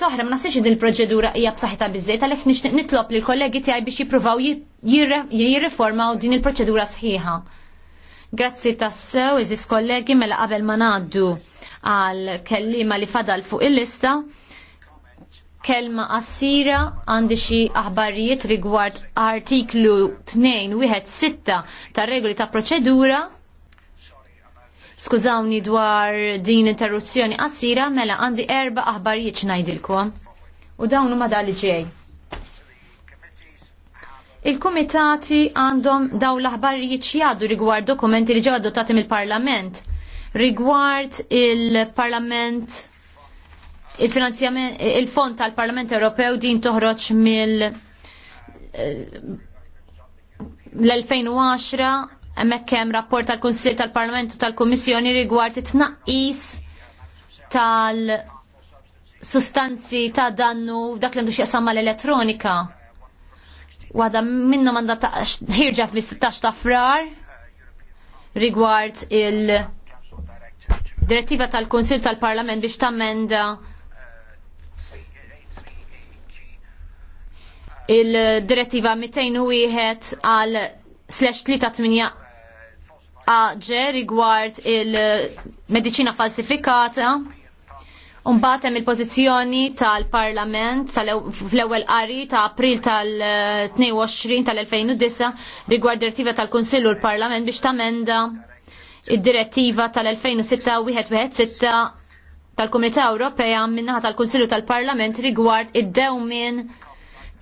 Toħra, ma nasiex din il-proċedura hija b'saħħitha biżejt, għalhekk nixtieq nitlob lill kollegi tiegħi biex jippruvaw jirriformaw din il-proċedura sħiħa. Grazzi tassew, iżis kollegi, mela qabel ma ngħaddu għal kellima li fadal fuq il-lista. Kelma qassira għandi xi aħbarijiet rigward artiklu 2 wieħed sitta tar regoli ta' proċedura Skużawni dwar din interruzzjoni qasira mela għandi erba aħbarijiet ngħidilkom. U dawn huma dali ġej. Il-kumitati għandhom daw l-aħbarijiet jgħaddu rigward dokumenti li ġew adottati mill-Parlament rigward il-Parlament il-finanzjament il-fond tal-Parlament Ewropew din toħroġ mill eh, l-2010 hemmhekk hemm rapport tal-Kunsill tal-Parlamentu tal-Kummissjoni rigward it-tnaqqis tal-sustanzi ta' dannu f'dak li għandu x'jaqsam l elettronika Waħda minnhom għandha ħirġa fis-16 ta' frar rigward il-direttiva tal konsil tal-Parlament biex menda il-direttiva 201 għal slash 38 ġe rigward il-medicina falsifikata Unbatem il-pozizjoni tal-Parlament fl-ewwel qari ta' April tal-22 tal-2009 rigward direttiva tal-Kunsillu l-Parlament biex tamenda id-direttiva tal-2006 tal-Komunità Ewropea minnaħa tal-Kunsillu tal-Parlament rigward id-dewmin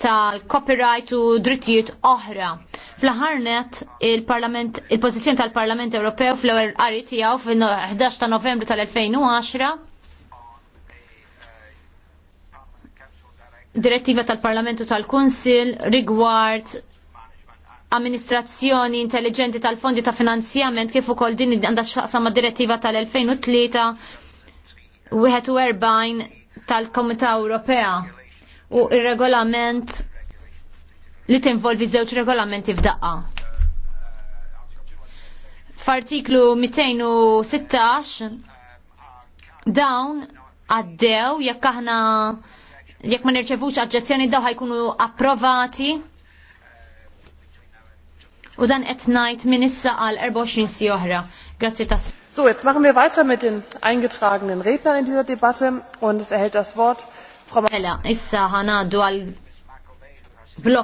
tal-copyright u drittijiet oħra Fl-ħarnet il-Parlament, il-pozizjon tal-Parlament Ewropew fl-ewwel qari tiegħu fin-11 ta' Novembru tal-2010 direttiva tal-Parlamentu tal-Kunsil rigward amministrazzjoni intelligenti tal-fondi ta' finanzjament kif ukoll din għandha x'taqsam direttiva tal-2003 41 tal-Komunità Ewropea u ir-regolament li tinvolvi żewġ regolamenti f'daqqa. F'artiklu 216 dawn għaddew jekk aħna jekk ma nirċevux aġġezzjoni daw ħajkunu approvati u dan qed ngħid minn issa għal 24 si oħra. Grazzi tas. So, jetzt machen wir weiter mit den eingetragenen Rednern in dieser Debatte und es erhält das Wort Frau Mela, issa ħanadu għal blok